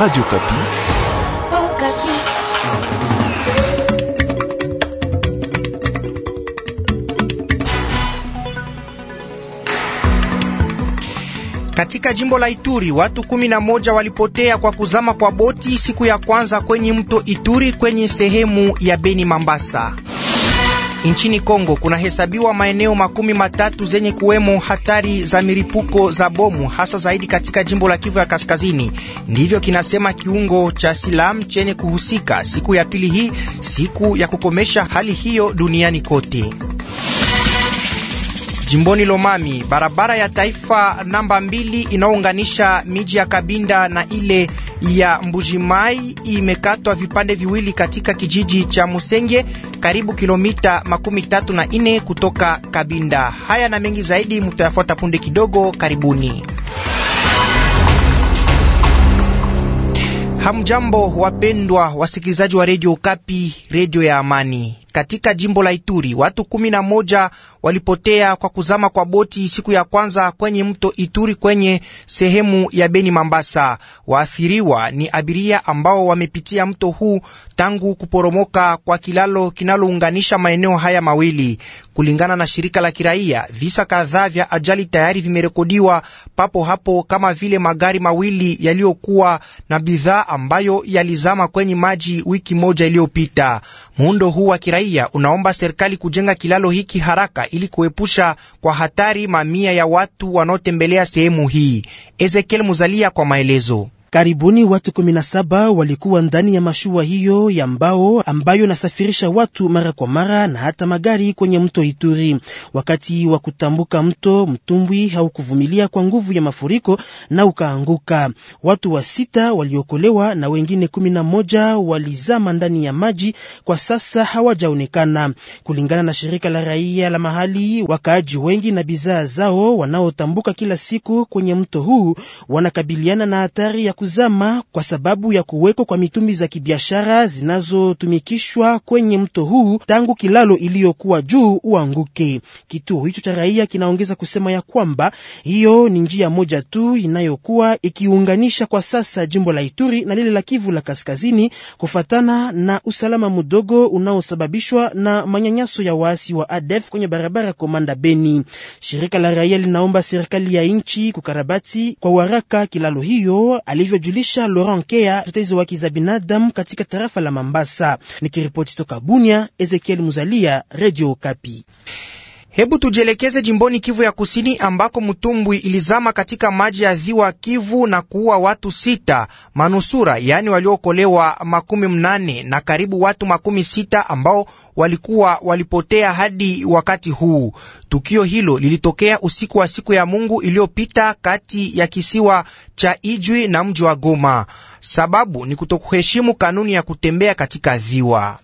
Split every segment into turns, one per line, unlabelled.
Radio Kapi.
Oh, Kapi.
Katika jimbo la Ituri watu kumi na moja walipotea kwa kuzama kwa boti siku ya kwanza kwenye mto Ituri kwenye sehemu ya Beni Mambasa. Nchini Kongo kunahesabiwa maeneo makumi matatu zenye kuwemo hatari za milipuko za bomu hasa zaidi katika jimbo la Kivu ya Kaskazini. Ndivyo kinasema kiungo cha Silam chenye kuhusika siku ya pili hii, siku ya kukomesha hali hiyo duniani kote. Jimboni Lomami, barabara ya taifa namba mbili inaunganisha miji ya Kabinda na ile ya Mbujimai imekatwa vipande viwili katika kijiji cha Musenge, karibu kilomita makumi tatu na ine kutoka Kabinda. Haya na mengi zaidi mutayafuata punde kidogo. Karibuni. Hamjambo wapendwa wasikilizaji wa redio Kapi, redio ya amani katika jimbo la Ituri. Watu kumi na moja walipotea kwa kuzama kwa boti siku ya kwanza kwenye mto Ituri kwenye sehemu ya Beni Mambasa. Waathiriwa ni abiria ambao wamepitia mto huu tangu kuporomoka kwa kilalo kinalounganisha maeneo haya mawili. Kulingana na shirika la kiraia, visa kadhaa vya ajali tayari vimerekodiwa papo hapo, kama vile magari mawili yaliyokuwa na bidhaa ambayo yalizama kwenye maji wiki moja iliyopita. Muundo huu wa kiraia raia unaomba serikali kujenga kilalo hiki haraka ili kuepusha kwa hatari mamia ya watu wanaotembelea sehemu hii. Ezekiel Muzalia kwa maelezo.
Karibuni watu 17 walikuwa ndani ya mashua hiyo ya mbao ambayo nasafirisha watu mara kwa mara na hata magari kwenye mto Ituri. Wakati wa kutambuka mto, mtumbwi haukuvumilia kwa nguvu ya mafuriko na ukaanguka. Watu wa sita waliokolewa na wengine 11 walizama ndani ya maji, kwa sasa hawajaonekana. Kulingana na shirika la raia la mahali, wakaaji wengi na bidhaa zao wanaotambuka kila siku kwenye mto huu wanakabiliana na hatari ya kuzama kwa sababu ya kuwekwa kwa mitumbi za kibiashara zinazotumikishwa kwenye mto huu tangu kilalo iliyokuwa juu uanguke. Kituo hicho cha raia kinaongeza kusema ya kwamba hiyo ni njia moja tu inayokuwa ikiunganisha kwa sasa jimbo la Ituri na lile la Kivu la Kaskazini kufatana na usalama mdogo unaosababishwa na manyanyaso ya waasi wa ADF kwenye barabara Komanda Beni. Shirika la raia linaomba serikali ya nchi kukarabati kwa waraka kilalo hiyo alivyo alivyojulisha Laurent Kea, mtetezi wa haki za binadamu katika tarafa la Mambasa. Nikiripoti toka Bunia, Ezekiel Muzalia, Radio Kapi. Hebu tujielekeze
jimboni Kivu ya Kusini ambako mtumbwi ilizama katika maji ya ziwa Kivu na kuua watu sita manusura, yaani waliokolewa makumi mnane na karibu watu makumi sita ambao walikuwa walipotea hadi wakati huu. Tukio hilo lilitokea usiku wa siku ya Mungu iliyopita kati ya kisiwa cha Ijwi na mji wa Goma. Sababu ni kutokuheshimu kanuni ya kutembea katika ziwa.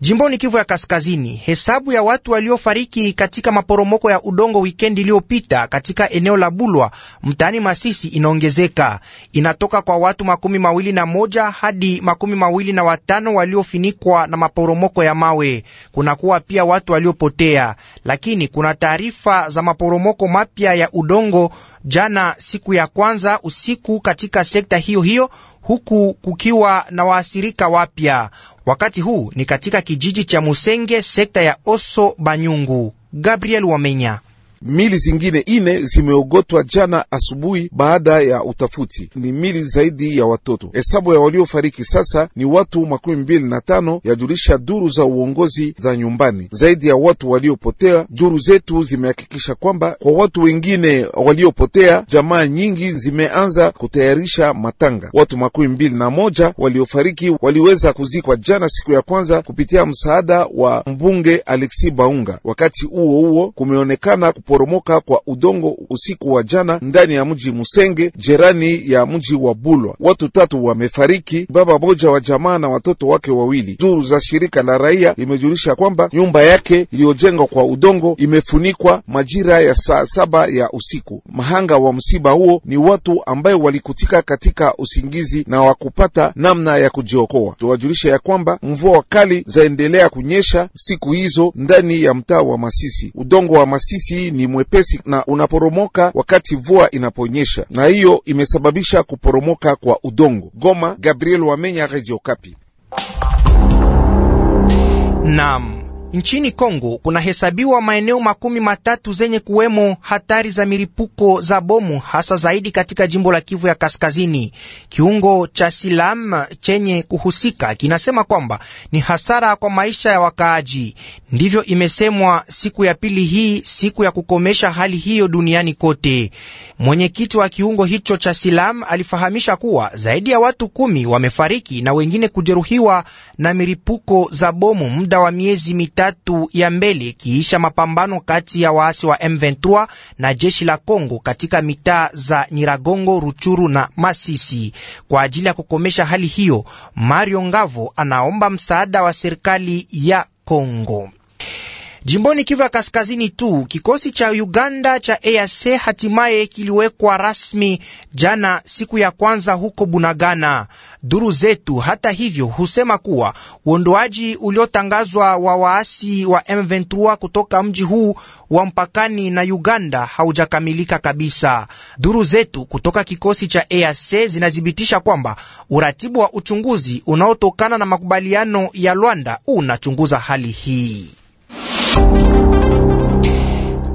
Jimboni Kivu ya Kaskazini, hesabu ya watu waliofariki katika maporomoko ya udongo wikendi iliyopita katika eneo la Bulwa mtaani Masisi inaongezeka, inatoka kwa watu makumi mawili na moja hadi makumi mawili na watano waliofinikwa na maporomoko ya mawe. Kunakuwa pia watu waliopotea, lakini kuna taarifa za maporomoko mapya ya udongo jana siku ya kwanza usiku katika sekta hiyo hiyo, huku kukiwa na waathirika wapya. Wakati huu ni katika kijiji cha Musenge, sekta ya Oso Banyungu. Gabriel Wamenya
Mili zingine ine zimeogotwa jana asubuhi baada ya utafuti. Ni mili zaidi ya watoto. Hesabu ya waliofariki sasa ni watu makumi mbili na tano, yajulisha duru za uongozi za nyumbani. Zaidi ya watu waliopotea, duru zetu zimehakikisha kwamba kwa watu wengine waliopotea, jamaa nyingi zimeanza kutayarisha matanga. Watu makumi mbili na moja waliofariki waliweza kuzikwa jana siku ya kwanza kupitia msaada wa mbunge Alexi Baunga. Wakati huo huo kumeonekana kuporomoka kwa udongo usiku wa jana ndani ya mji Musenge, jirani ya mji wa Bulwa. Watu tatu wamefariki, baba moja wa jamaa na watoto wake wawili. Duru za shirika la raia imejulisha kwamba nyumba yake iliyojengwa kwa udongo imefunikwa majira ya saa saba ya usiku. Mahanga wa msiba huo ni watu ambayo walikutika katika usingizi na wakupata namna ya kujiokoa. Tuwajulisha ya kwamba mvua kali zaendelea kunyesha siku hizo ndani ya mtaa wa Masisi. Udongo wa Masisi ni mwepesi na unaporomoka wakati mvua inaponyesha, na hiyo imesababisha kuporomoka kwa udongo. Goma, Gabriel Wamenya, Radio kapi
Naam. Nchini Kongo kunahesabiwa maeneo makumi matatu zenye kuwemo hatari za milipuko za bomu hasa zaidi katika jimbo la Kivu ya Kaskazini. Kiungo cha Silam chenye kuhusika kinasema kwamba ni hasara kwa maisha ya wakaaji. Ndivyo imesemwa siku ya pili hii, siku ya kukomesha hali hiyo duniani kote. Mwenyekiti wa kiungo hicho cha Silam alifahamisha kuwa zaidi ya watu kumi wamefariki na wengine kujeruhiwa na milipuko za bomu muda wa miezi mitatu tatu ya mbele kiisha mapambano kati ya waasi wa M23 na jeshi la Kongo katika mitaa za Nyiragongo, Ruchuru na Masisi. Kwa ajili ya kukomesha hali hiyo, Mario Ngavo anaomba msaada wa serikali ya Kongo. Jimboni Kivu ya Kaskazini tu kikosi cha Uganda cha EAC hatimaye kiliwekwa rasmi jana siku ya kwanza huko Bunagana. Duru zetu hata hivyo husema kuwa uondoaji uliotangazwa wa waasi wa M23 kutoka mji huu wa mpakani na Uganda haujakamilika kabisa. Duru zetu kutoka kikosi cha EAC zinathibitisha kwamba uratibu wa uchunguzi unaotokana na makubaliano ya Luanda unachunguza hali hii.
う
ん。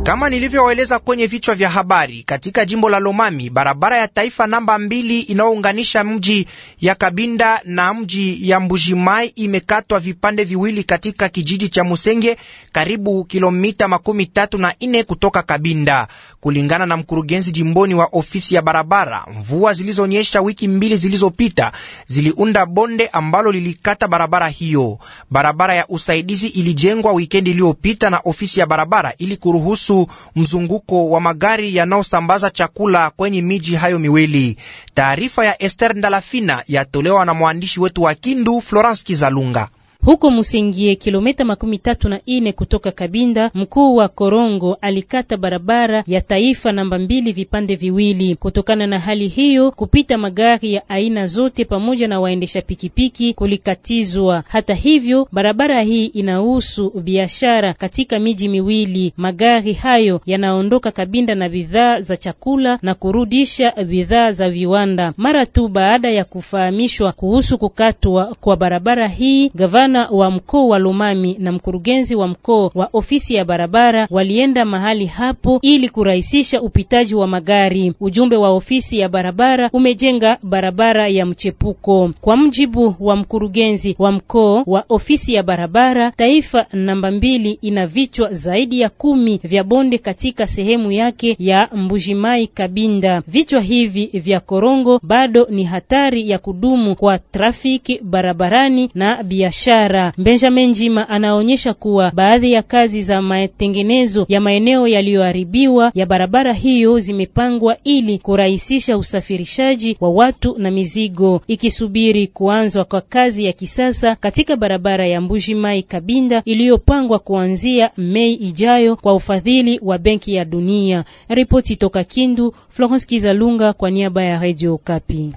Kama nilivyoeleza kwenye vichwa vya habari, katika jimbo la Lomami, barabara ya taifa namba mbili inayounganisha mji ya Kabinda na mji ya Mbujimai imekatwa vipande viwili katika kijiji cha Musenge, karibu kilomita makumi tatu na ine kutoka Kabinda, kulingana na mkurugenzi jimboni wa ofisi ya barabara. Mvua zilizonyesha wiki mbili zilizopita ziliunda bonde ambalo lilikata barabara hiyo. Barabara ya usaidizi ilijengwa wikendi iliyopita na ofisi ya barabara ili kuruhusu kuhusu mzunguko wa magari yanayosambaza chakula kwenye miji hayo miwili. Taarifa ya Ester Ndalafina yatolewa na mwandishi wetu wa Kindu Florence Kizalunga
huko Musingie, kilomita makumi tatu na ine kutoka Kabinda. Mkuu wa Korongo alikata barabara ya taifa namba mbili vipande viwili. Kutokana na hali hiyo, kupita magari ya aina zote pamoja na waendesha pikipiki kulikatizwa. Hata hivyo, barabara hii inahusu biashara katika miji miwili. Magari hayo yanaondoka Kabinda na bidhaa za chakula na kurudisha bidhaa za viwanda. Mara tu baada ya kufahamishwa kuhusu kukatwa kwa barabara hii, gavana gavana wa mkoa wa Lumami na mkurugenzi wa mkoa wa ofisi ya barabara walienda mahali hapo ili kurahisisha upitaji wa magari. Ujumbe wa ofisi ya barabara umejenga barabara ya mchepuko. Kwa mjibu wa mkurugenzi wa mkoa wa ofisi ya barabara, taifa namba mbili ina vichwa zaidi ya kumi vya bonde katika sehemu yake ya Mbujimai Kabinda. Vichwa hivi vya korongo bado ni hatari ya kudumu kwa trafiki barabarani na biashara biashara. Benjamin Njima anaonyesha kuwa baadhi ya kazi za matengenezo ya maeneo yaliyoharibiwa ya barabara hiyo zimepangwa ili kurahisisha usafirishaji wa watu na mizigo, ikisubiri kuanzwa kwa kazi ya kisasa katika barabara ya Mbujimai Kabinda iliyopangwa kuanzia Mei ijayo kwa ufadhili wa Benki ya Dunia. Ripoti toka Kindu, Florence Kizalunga kwa niaba ya Radio Okapi.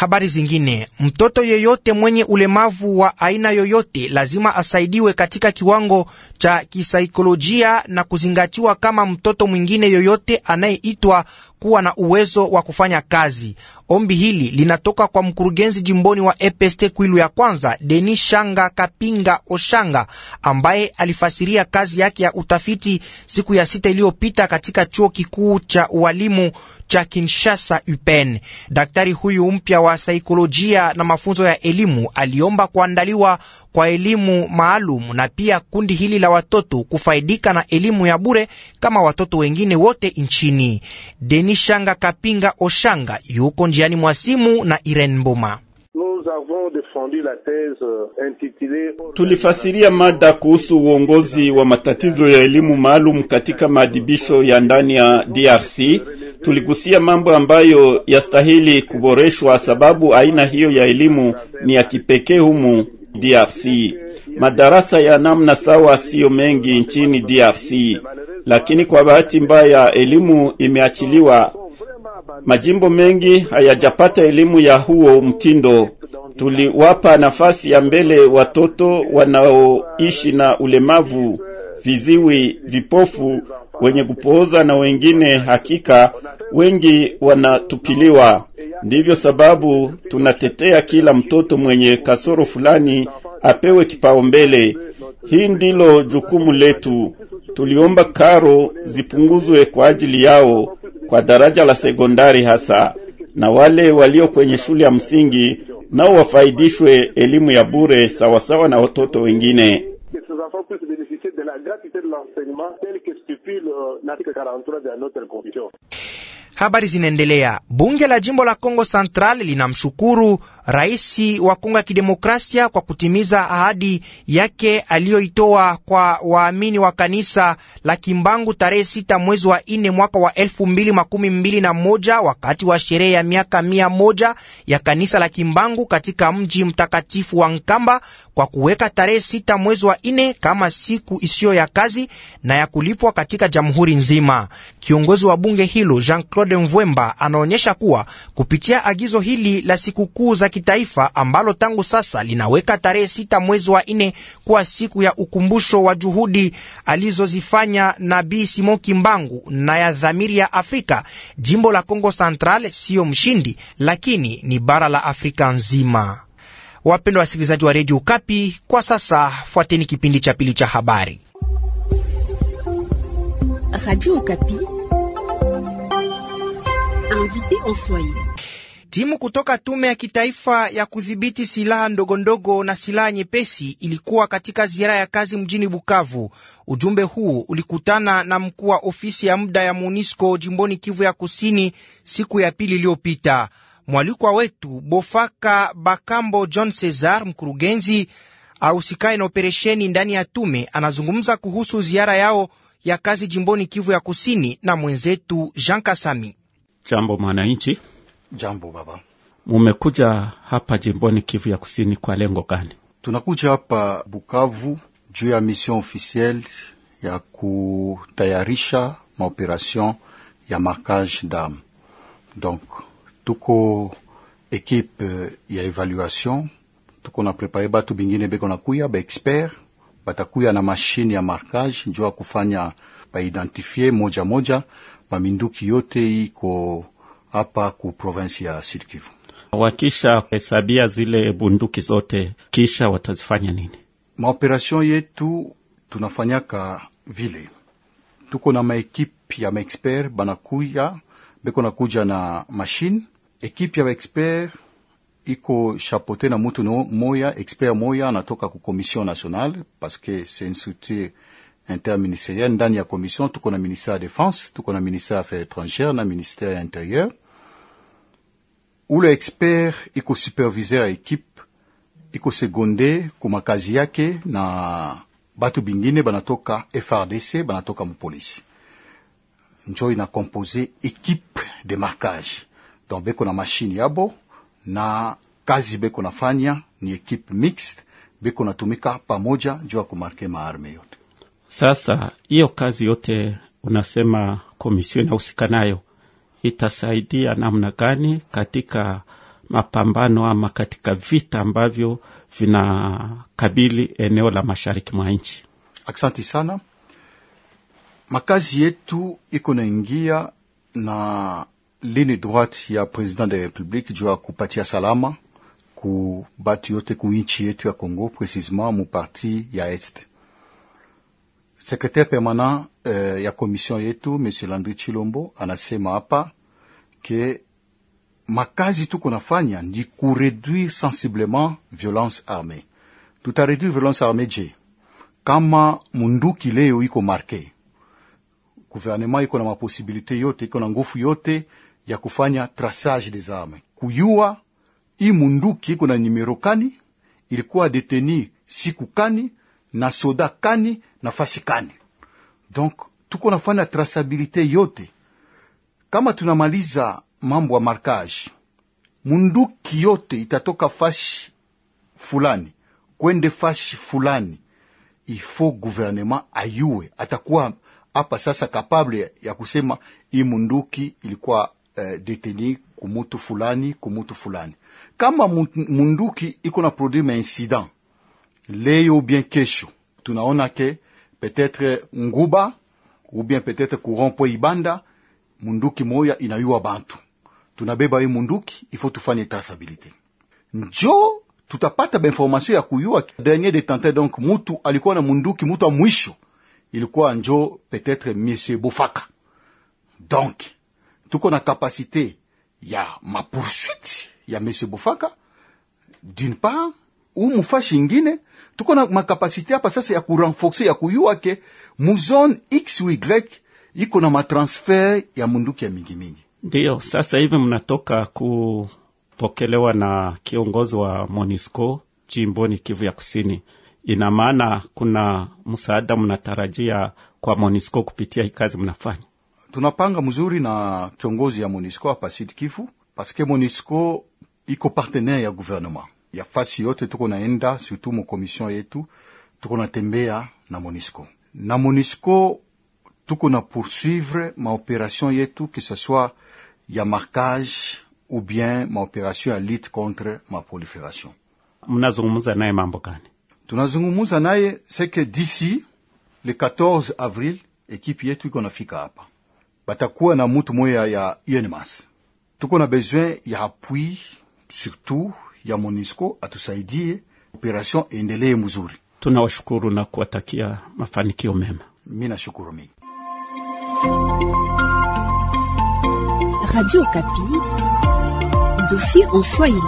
Habari
zingine, mtoto yeyote mwenye ulemavu wa aina yoyote lazima asaidiwe katika kiwango cha kisaikolojia na kuzingatiwa kama mtoto mwingine yoyote anayeitwa kuwa na uwezo wa kufanya kazi. Ombi hili linatoka kwa mkurugenzi jimboni wa EPST Kwilu ya kwanza denis Shanga Kapinga Oshanga, ambaye alifasiria kazi yake ya utafiti siku ya sita iliyopita katika chuo kikuu cha ualimu cha Kinshasa UPEN. Daktari huyu mpya wa saikolojia na mafunzo ya elimu aliomba kuandaliwa kwa elimu maalum na pia kundi hili la watoto kufaidika na elimu ya bure kama watoto wengine wote nchini. Deni Shanga Kapinga Oshanga yuko njiani mwa simu
na Irene Mboma.
Euh,
Tulifasiria mada kuhusu uongozi wa matatizo ya elimu maalum katika maadhibisho ya ndani ya DRC. Tuligusia mambo ambayo yastahili kuboreshwa, sababu aina hiyo ya elimu ni ya kipekee humu DRC. Madarasa ya namna sawa siyo mengi nchini DRC, lakini kwa bahati mbaya elimu imeachiliwa. Majimbo mengi hayajapata elimu ya huo mtindo. Tuliwapa nafasi ya mbele watoto wanaoishi na ulemavu, viziwi, vipofu, wenye kupooza na wengine. Hakika wengi wanatupiliwa. Ndivyo sababu tunatetea kila mtoto mwenye kasoro fulani apewe kipaumbele. Hii ndilo jukumu letu. Tuliomba karo zipunguzwe kwa ajili yao kwa daraja la sekondari hasa, na wale walio kwenye shule ya msingi nao wafaidishwe elimu ya bure sawasawa na watoto wengine.
Habari zinaendelea. Bunge la jimbo la Kongo Central linamshukuru rais wa Kongo ya Kidemokrasia kwa kutimiza ahadi yake aliyoitoa kwa waamini wa kanisa la Kimbangu tarehe sita mwezi wa nne mwaka wa elfu mbili makumi mbili na moja wakati wa sherehe ya miaka mia moja ya kanisa la Kimbangu katika mji mtakatifu wa Nkamba kwa kuweka tarehe sita mwezi wa nne kama siku isiyo ya kazi na ya kulipwa katika jamhuri nzima. Kiongozi wa bunge hilo Jean Claude Claude Mvwemba anaonyesha kuwa kupitia agizo hili la sikukuu za kitaifa ambalo tangu sasa linaweka tarehe sita mwezi wa nne kuwa siku ya ukumbusho wa juhudi alizozifanya Nabii Simon Kimbangu na ya dhamiri ya Afrika, jimbo la Kongo Central siyo mshindi, lakini ni bara la Afrika nzima. Wapendwa wasikilizaji wa redio Ukapi, kwa sasa fuateni kipindi cha pili cha habari Radio Ukapi. Timu kutoka tume ya kitaifa ya kudhibiti silaha ndogondogo na silaha nyepesi ilikuwa katika ziara ya kazi mjini Bukavu. Ujumbe huu ulikutana na mkuu wa ofisi ya muda ya MONUSCO jimboni Kivu ya Kusini siku ya pili iliyopita. Mwalikwa wetu Bofaka Bakambo John Cesar, mkurugenzi ahusikaye na operesheni ndani ya tume, anazungumza kuhusu ziara yao ya kazi jimboni Kivu ya Kusini
na mwenzetu Jean Kasami. Jambo mwananchi. Jambo baba.
Mumekuja hapa jimboni Kivu ya Kusini kwa lengo gani?
Tunakuja hapa Bukavu juu ya mission officielle ya kutayarisha maoperation ya markage dam. Donc tuko ekipe ya evaluation, tuko na prepare batu bingine beko kuya ba expert batakuya na mashine ya marcage juu ya kufanya baidentifie moja moja maminduki yote iko hapa ku provinsi ya Sud Kivu.
Wakisha hesabia zile bunduki zote, kisha watazifanya nini?
Maoperasion yetu tunafanyaka vile, tuko na maekipe ya maexpert banakuya beko nakuja na mashine. Ekipe ya maexpert iko chapote na mutu no moya expert moya anatoka ku komission nationale parceque que c'est une structure interministeriel ndani ya commission tuko na ministère ya défense tuko na ministère ya affaires étrangères na ministère ya intérieur ule expert iko superviseur ya ekipe iko segonde kumakazi yake na batu bingine banatoka FRDC banatoka mupolisi njo ina compose ekipe de marquage donc beko na mashine yabo na kazi beko nafanya ni ekipe mixte beko natumika pamoja juu ya kumarke maarme yote
sasa hiyo kazi yote unasema komisio inahusika nayo itasaidia namna gani katika mapambano ama katika vita ambavyo vinakabili eneo la
mashariki mwa nchi? Aksanti sana. Makazi yetu iko naingia na lini droite ya president de republique juu ya kupatia salama ku batu yote ku nchi yetu ya congo precisement mu parti ya este Sekretari permanent eh, ya komision yetu m Landry Chilombo anasema hapa ke makazi tuko nafanya ndi kureduire sensiblement violence armée. Tutareduire violence armée je kama munduki leo iko marke, guvernema iko na mapossibilité yote, iko na nguvu yote ya kufanya traçage des armes, kuyua i munduki iko na nimero kani, ilikuwa deteni siku kani na soda kani fasi kani. Donc tuko nafanya trasabilite yote, kama tunamaliza mambo ya markage, munduki yote itatoka fashi fulani kwende fashi fulani, ifo guvernema ayue atakuwa apa sasa kapable ya kusema i munduki ilikuwa eh, deteni kumutu fulani kumutu fulani. Kama munduki iko na produit ma incident leo bien kesho être petetre nguba ou bien peut-être petetre kurompo ibanda munduki moya inayua bantu tunabeba hii munduki ifo tufanye traceability njo tutapata formation ya kuyua dernier detenteur donc mutu alikuwa na munduki mutu wa mwisho ilikuwa njo être monsieur bofaka donc tuko na capacité ya ma poursuite ya monsieur bofaka d'une part umufashi ingine tuko na makapasite hapa sasa ya kurenforce ya kuyua ke muzone x y iko na matransfer ya munduki ya mingi mingi.
Ndiyo sasa hivi mnatoka kupokelewa na kiongozi wa MONUSCO jimboni Kivu ya Kusini. Ina maana kuna msaada mnatarajia kwa MONUSCO kupitia hii kazi mnafanya?
Tunapanga mzuri na kiongozi ya MONUSCO hapa Sud Kivu, paske MONUSCO iko partenaire ya gouvernement fasi yote tuko naenda surtout mu komision yetu tuko natembea na Monisco na Monisco tuko na poursuivre et tout... que ce soit ya marquage... ou bien maoperation ya lutte contre ma prolifération.
naye mambo gani?
Tunazungumuza C'est que d'ici le 14 avril ekipe yetu iko nafika hapa, batakuwa na mutu moya ya UNMAS. Tuko na besoin ya appui surtout ya MONUSCO atusaidie operation endelee mzuri. Tunawashukuru
na kuwatakia mafanikio mema.
Mimi nashukuru mingi.
Radio dossier en Swahili.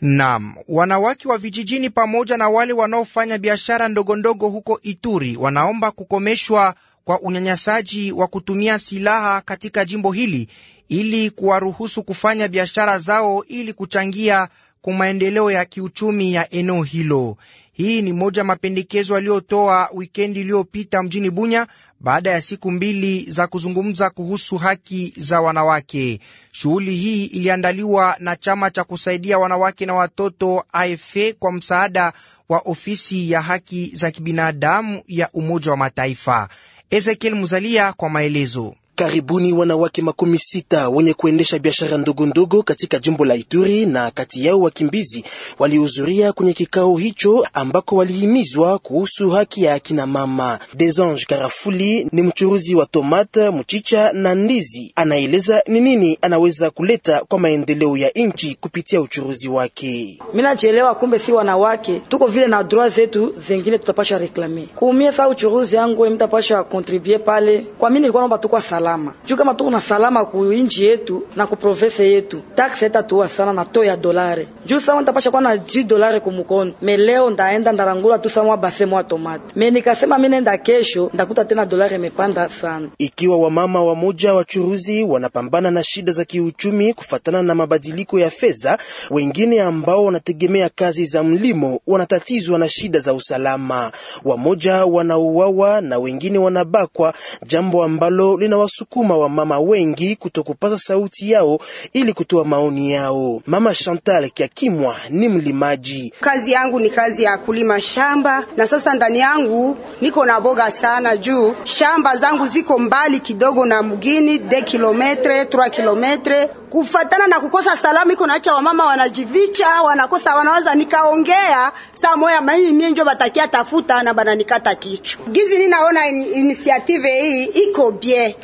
Naam, wanawake wa vijijini pamoja na wale wanaofanya biashara ndogondogo huko Ituri wanaomba kukomeshwa kwa unyanyasaji wa kutumia silaha katika jimbo hili ili kuwaruhusu kufanya biashara zao ili kuchangia kwa maendeleo ya kiuchumi ya eneo hilo. Hii ni moja ya mapendekezo aliyotoa wikendi iliyopita mjini Bunya baada ya siku mbili za kuzungumza kuhusu haki za wanawake. Shughuli hii iliandaliwa na chama cha kusaidia wanawake na watoto AFE kwa msaada wa ofisi ya haki za kibinadamu ya Umoja wa Mataifa. Ezekiel Muzalia
kwa maelezo. Karibuni wanawake makumi sita wenye kuendesha biashara ndogo ndogo katika jimbo la Ituri na kati yao wakimbizi walihudhuria kwenye kikao hicho ambako walihimizwa kuhusu haki ya akina mama. Desange Karafuli ni mchuruzi wa tomata, mchicha na ndizi. Anaeleza ni nini anaweza kuleta kwa maendeleo ya nchi kupitia uchuruzi wake. Minachelewa kumbe, si wanawake tuko vile na droit zetu zengine tutapasha reklame kuumia saa uchuruzi yangu mtapasha kontribue pale
kwa mini, nilikuwa naomba tukwa sala salama juu kama tuko na salama ku inchi yetu na ku province yetu, tax haitatuwa sana na to ya dolari. juu sawa nitapasha kwa na ji dolari kumukono me leo ndaenda
ndarangula tu sawa base mwa tomate me nikasema mimi nenda kesho ndakuta tena dolari imepanda sana. Ikiwa wamama wa moja wa churuzi wanapambana na shida za kiuchumi kufatana na mabadiliko ya fedha, wengine ambao wanategemea kazi za mlimo wanatatizwa na shida za usalama. Wamoja wanauawa na wengine wanabakwa, jambo ambalo linawa wa wamama wengi kutokupaza sauti yao ili kutoa maoni yao. Mama Chantal Kiakimwa ni mlimaji.
Kazi yangu ni kazi ya kulima shamba, na sasa ndani yangu niko na boga sana juu shamba zangu ziko mbali kidogo na mgini de kilometre 3 kilometre kufatana na kukosa salamu iko naacha wamama wanajivicha, wanakosa wanawaza, nikaongea saa moya maini mie njo batakia tafuta na bananikata kichwa gizi. Ninaona initiative hii iko
bie,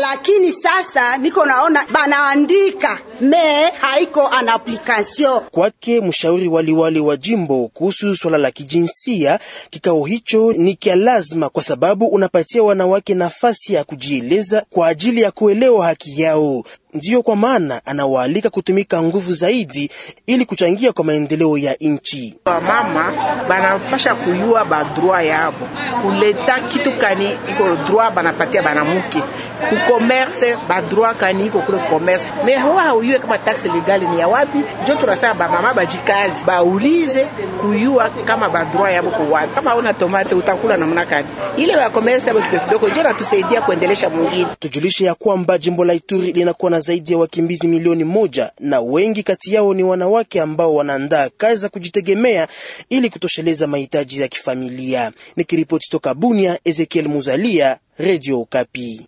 lakini sasa niko naona banaandika me haiko an application kwake. Mshauri waliwali wa jimbo kuhusu swala la kijinsia, kikao hicho ni kya lazima kwa sababu unapatia wanawake nafasi ya kujieleza kwa ajili ya kuelewa haki yao. Ndiyo kwa maana anawaalika kutumika nguvu zaidi ili kuchangia kwa maendeleo ya nchi.
Wamama
banafasha kuyua badroit yabo kuleta kitu kani iko droit banapatia banamuke ku commerce badroit kani iko kule commerce me huwa hauyue kama taxe legale ni ya wapi. Njo tunasema bamama bajikazi baulize kuyua kama badroit yabo ku wapi. Kama una tomate utakula namna kani Ile ba commerce yabo kidogo kidogo, je, natusaidia kuendelesha mwingine. Tujulishe ya kwamba jimbo la Ituri linakuwa na zaidi ya wakimbizi milioni moja na wengi kati yao ni wanawake ambao wanaandaa kazi za kujitegemea ili kutosheleza mahitaji ya kifamilia. Nikiripoti toka Bunia, Ezekiel Muzalia, Radio Kapi.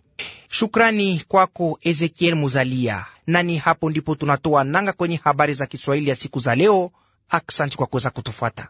Shukrani kwako Ezekiel Muzalia. Nani hapo ndipo tunatoa nanga kwenye habari za Kiswahili ya siku za leo. Aksanti kwa kuweza kutufuata.